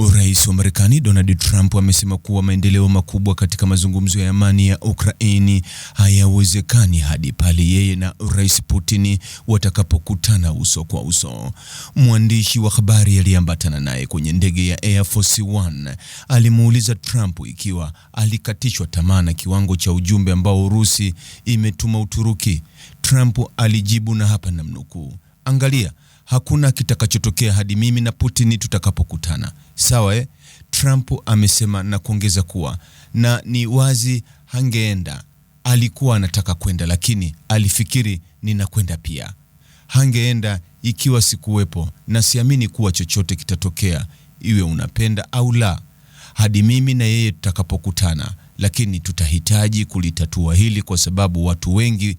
Rais wa Marekani Donald Trump amesema kuwa maendeleo makubwa katika mazungumzo ya amani ya Ukraini hayawezekani hadi pale yeye na Rais Putin watakapokutana uso kwa uso. Mwandishi wa habari aliyeambatana naye kwenye ndege ya Air Force One alimuuliza Trump ikiwa alikatishwa tamaa na kiwango cha ujumbe ambao Urusi imetuma Uturuki. Trump alijibu na hapa namnukuu, angalia hakuna kitakachotokea hadi mimi na Putin tutakapokutana, sawa eh? Trump amesema na kuongeza kuwa, na ni wazi hangeenda, alikuwa anataka kwenda, lakini alifikiri ninakwenda pia. Hangeenda ikiwa sikuwepo, na siamini kuwa chochote kitatokea, iwe unapenda au la, hadi mimi na yeye tutakapokutana, lakini tutahitaji kulitatua hili kwa sababu watu wengi